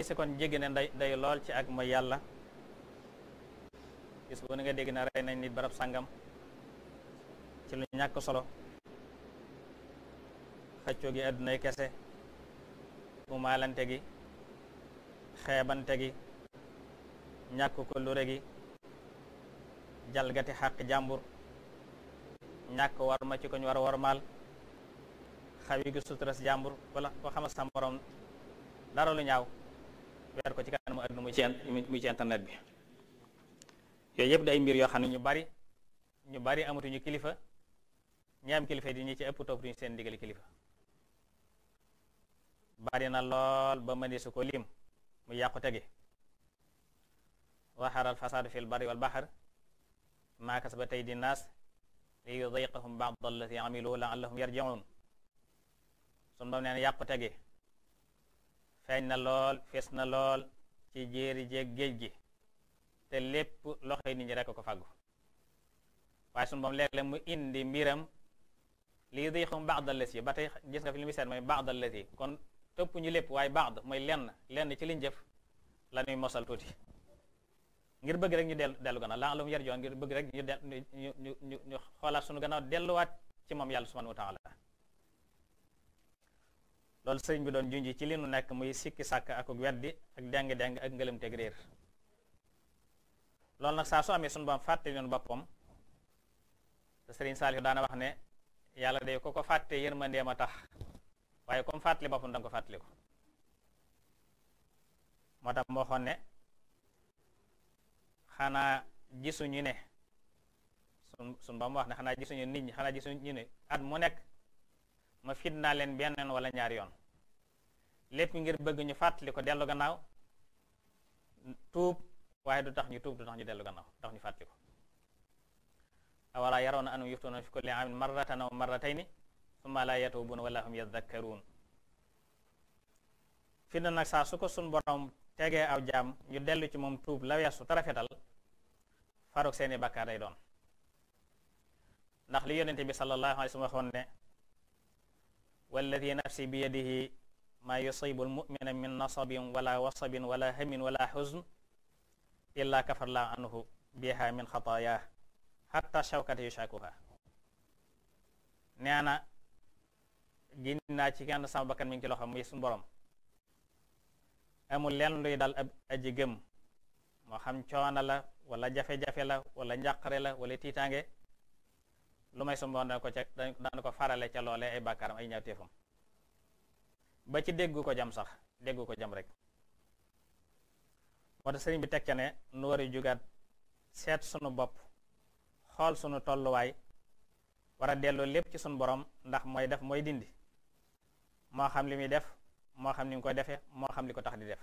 gise kon jéggi na day day lool ci ak mooy yàlla gis bu nga dégg na rey nañ nit barab sàngam ci lu ñàkk solo xëccoo gi addunay kese umaalante gi xeebante gi ñàkk ko gi jalgati xàq jàmbur ñàkk war ma ci koñ war a warmaal xawi gi sutras jàmbur wala ko xamal sa morom dara lu ñaaw weer ko ci kanamu àdduna muy ci ci internet bi yooyu yëpp day mbir yoo xam ne ñu bari ñu bari amatuñu kilifa ñi am kilifa di ñu ci ëpp topp duñu seen ndigali kilifa bari na lool ba mënee su lim mu yàqu tege waxaral fasaadu fil barri wal baxar maa kasabat aydi naas li yudiqahum ba'da allati amilu la'allahum yarji'un sun bam neen yàqu tege feeñ na lool fees na lool ci jéeri jeeg géej gi te lépp loxoy nit ñi rekk ko fàggu waaye sunu moom léeg mu indi mbiram lii day xam baax dal si ba tey gis nga fi li muy seet mooy baax dal si kon tëpp ñu lépp waaye baax mooy lenn lenn ci liñ jëf la ñuy mosal tuuti ngir bëgg rek ñu dellu dellu gannaaw laa alum yar joon ngir bëgg rek ñu del ñu ñu xoolaat sunu gannaaw delluwaat ci moom yàlla subhanahu wa taala loolu sëriñ bi doon junj ci li nu nekk muy sikki sàkk ak weddi ak deng-deng ak ngëlëmteeg réer loolu nag saa su amee sunu bam fàtte noonu boppam te sëriñ Saalihu daana wax ne yàlla de ko ko fàtte yërmandeem a tax waaye comme fàttali boppam danga ko fàttali ko moo tax moo xoon ne xanaa gisuñu ne sun sun ba mu wax ne xanaa gisuñu nit ñi xanaa gisuñu ne at mu nekk ma naa leen benn wala ñaari yoon lépp ngir bëgg ñu fàttali ko dellu gannaaw tuub waaye du tax ñu tuub du tax ñu dellu gannaaw tax ñu fàttali ko awalaa yarawna anum yuftuuna fi kulli amin marratan aw marratayni summa laa yatuubuuna wala hum yadakkaruun fi na nag saa su ko sun borom tegee aw jaam ñu dellu ci moom tuub la su te rafetal faruk seeni bàkkaar day doon ndax li yonente bi sallallahu alayhi wa sallam waxoon ne nafsi bi yadihi maa yusibu lmumina min nasabin wala wasabin wala hamin wala xusn illa kafarla anhu biha min xataaya xatta shawkata yushakuha nee na ci kenn sama bakkan mi ngi ci loxo muy amul leen luy dal ab aji gëm moo xam coono la wala jafe-jafe la wala njàqare la wala tiitaange lu may suñu borom dana ko ca dana ko farale ca loole ay bàkkaaram ay ñaawteefam ba ci déggu ko jam sax déggu ko jam rek moo tax sëriñ bi ca ne nu war a jugaat seet sunu bopp xool sunu tolluwaay war a delloo lépp ci sunu borom ndax mooy def mooy dindi moo xam li muy def moo xam ni nga koy defee moo xam li ko tax di def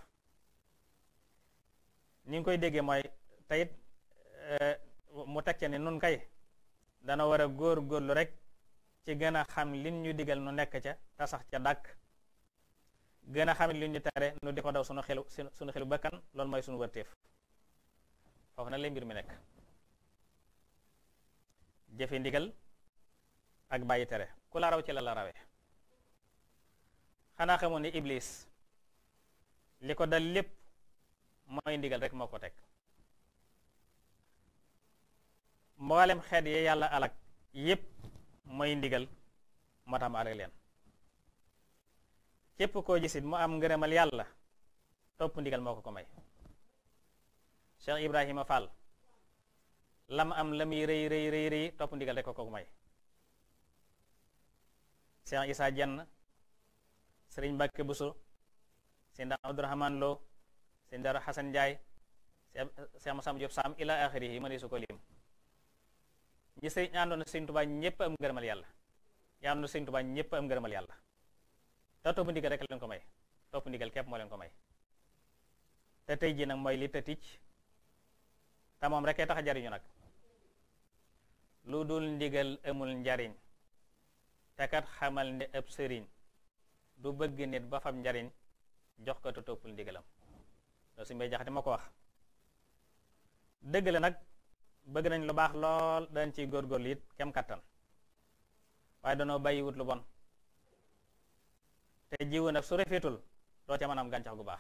ni nga koy déggee mooy teyit eh, mu tekki ne nun kay dana war a góor góorlu rek ci gën a xam lin ñu digal nu nekk ca te sax ca dàkk gën a xam li ñu tere nu di ko daw sunu xelu sunu xelu bakkan loolu mooy sunu wërteef foofu na lay mbir mi nekk jëfe ndigal ak bàyyi tere ku la raw ci la la rawee xanaa xamoon ni iblis li ko dal lépp mooy ndigal rek moo ko teg mboolem xeet yi yàlla alak yépp mooy ndigal moo tax ma alak leen képp koo gisit mu am ngërëmal yàlla topp ndigal moo ko ko may Cheikh Ibrahima Fall lam am la muy rëy rëy rëy rëy topp ndigal rek ko ko may Cheikh Issa Dieng Sëriñ Mbàkke Buso Sëriñ Daam Abdourahman Lo Sëriñ Daru Xasan Njaay Cheikh Masam Diop Sam ila axiri yi mëneesu ko lim ñi sëriñ àndoon na Sëriñ Tuubaa ñépp am ngërëmal yàlla ñi àndoon na Sëriñ Tuubaa ñépp am ngërëmal yàlla te topp ndigal rek leen ko may topp ndigal képp ko te tey jii nag mooy li te tic te moom rek tax a jariñu nag lu dul ndigal amul njariñ te xamal ne ab sëriñ du bëgg nit ba fam njariñ jox ko te toppul ndigalam loolu suñu bay jaxati ma ko wax dëgg la nag bëgg nañ lu baax lool dañ ciy góorgóorlu it kem kattan waaye danoo bàyyiwut lu bon te jiwu nag su rafetul doo ca mën am gàncax gu baax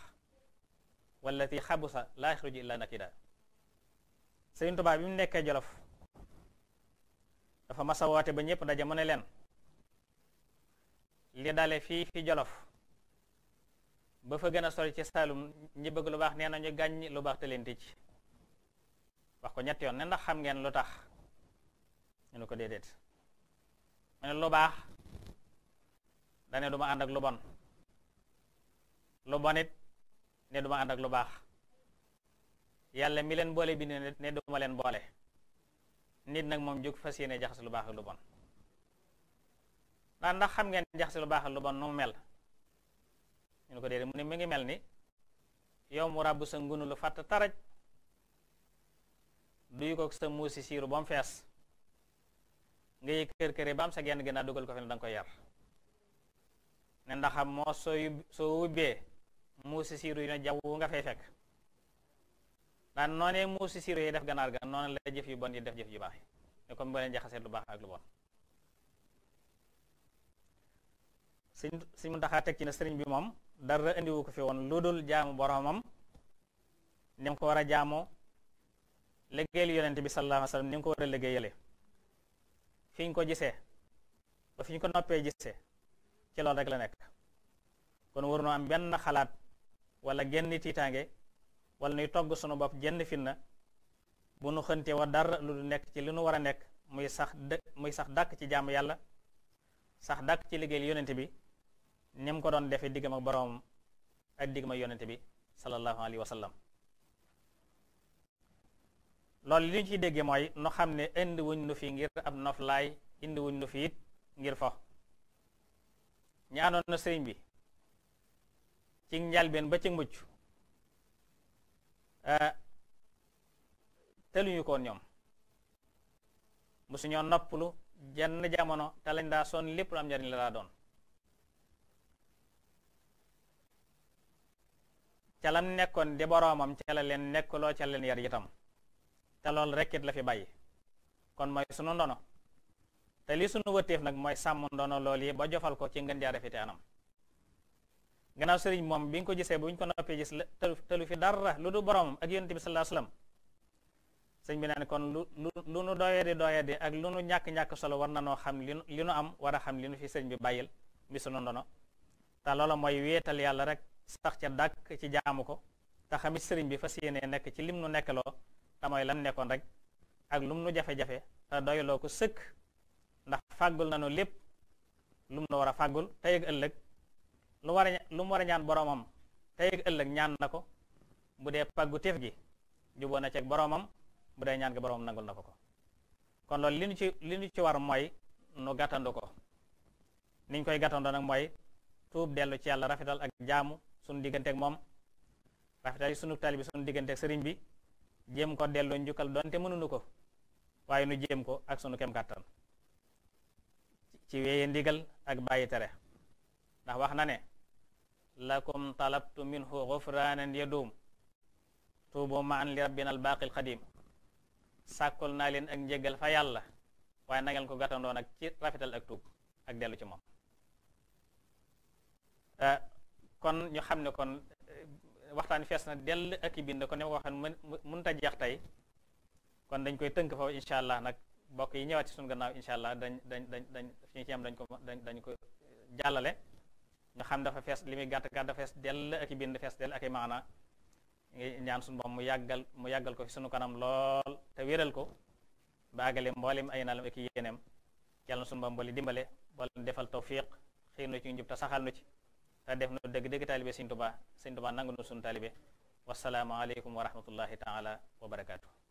xabu xabusa laa ji yaxruju illa nakida Sëriñ Tuubaa bi mu nekkee Jolof dafa masa woote ba ñëpp ndaje mu ne leen li daale fii fi Jolof ba fa gën a sori ci Saalum ñi bëgg lu baax nee nañu gàññ lu baax te leen wax ko ñett yoon ne ndax xam ngeen lu tax ñu ne ko déedéet mu lu baax dane duma ànd ak lu bon lu bonit ne duma ma ànd ak lu baax yàlla mi leen boole bi ne ne du ma leen boole nit nag moom jóg fa yéene jaxas lu baax ak lu bon ndax ndax xam ngeen jaxase lu baax ak lu bon nu mu mel ñu ne ko de mu ne mi ngi mel ni yow mu ràbb sa ngunu lu fàtt taraj duy ko sa muusi siiru ba mu fees ngay kër këre ba am sa genn gën a dugal ko fi ne danga koy yar ne ndaxam moo soo soo wubbee muusi siiru yi ne jawwu nga fay fekk daan noonee muusi siiru yi def ganaar ga noonu la jëf yu bon yi def jëf yu baax yi ne comme ba leen jaxasee lu baax ak lu bon si si mu taxaa teg ci ne sëriñ bi moom dara indiwu ko fi woon lu dul jaamu boromam ni mu ko war a jaamoo liggéeyal yonent bi sallallahu alayhi ni mu ko war a liggéeyale fi ñu ko gisee ba fi ñu ko noppee gisee ci loolu rek la nekk kon waruñoo am benn xalaat wala genn tiitaange wala nuy togg sunu bopp jenn fitna bu nu xënte wa dara lu nekk ci li nu war a nekk muy sax muy sax dàkk ci jàmm yàlla sax dàkk ci liggéey yonente bi ni ko doon defee diggam ak boroom ak diggam ak yonente bi sallallahu alayhi wa sallam li ñu ciy déggee mooy nu xam ne indi wuñ nu fi ngir ab noflaay indi wuñ nu fi it ngir fo ñaanoon na sëriñ bi ci njalbeen ba ci mucc eh, teluñu koon ñoom musuñoo noppalu jenn jamono te lañ daa sonn lépp lu am njariñ la daa doon ca lam nekkoon di boroomam ca la leen nekkuloo ca yar itam te loolu rekkit la fi bàyyi kon mooy sunu ndono te li sunu wëttéef nag mooy sàmm ndono lool yi ba jofal ko ci ngën jaa rafete anam gannaaw sëriñ moom bi nga ko gisee bu ñu ko noppee gis tëlu fi dara lu du boromam ak yonent bi sallallahu alayhi wasallam bi naan kon lu lu nu doyadi doyadi ak lu nu ñàkk-ñàkk solo war na noo xam li nu am war a xam li nu fi sëñ bi bàyyil mi sunu ndono te loola mooy wéetal yàlla rek sax ca dàkk ci jaamu ko te xamit sëriñ bi fas yéene nekk ci lim nu nekkaloo te mooy lan nekkoon rek ak lum nu ko sëkk ndax fàggul nanu lépp lu mu la war a fàggul tey ëllëg lu war a lu war a ñaan boroomam tey ak ëllëg ñaan na ko bu dee pàggu teef gi juboo na ceeg boroomam bu dee ñaan gi boroomam nangul na ko ko kon loolu li nu ci li ci war mooy nu gàttandu ko niñ koy gàttandoo nag mooy tuub dellu ci yàlla rafetal ak jaamu sunu digganteeg moom rafetal yi sunu taalibe bi sunu digganteeg sëriñ bi jéem ko delloo njukkal donte mënuñu ko waaye nu jéem ko ak sunu kem kàttan ci wéye ndigal ak bàyyi tere ndax wax na ne lakum talabtu minhu gufraanan yadum tuubu ma an li rabbina al baaqil qadim sàkkul naa leen ak njegal fa yàlla waaye na ngeen ko gàttandoon ak ci rafetal ak tuub ak dellu ci moom eh, kon ñu xam ne kon eh, waxtaan fees na dell ak i bind kon ne ma ko waxee mënta jeex tey kon dañ koy tënk foofu incha allah nag bokk yi ñëwaat ci sunu gannaaw incha allah dañ dañ dañ dañ fi ñu ci am dañ ko ko jàllale nga xam dafa fees li muy gàtt gàtt dafa fees dell ak i bind fees dell ak i maana ñaan sunu boom mu yàggal mu yàggal ko fi sunu kanam lool te wéral ko baagale mboolem ay naalam ak i yéeneem yàlla na sunu boom boole dimbale boole defal tawfiq xiir nu ci njub te saxal nu ci te def nu dëgg dëgg taalibe sëñ Tuubaa sëñ Tuubaa nangu nu sunu taalibe wasalaamu aleykum wa rahmatullahi taala wa barakaatu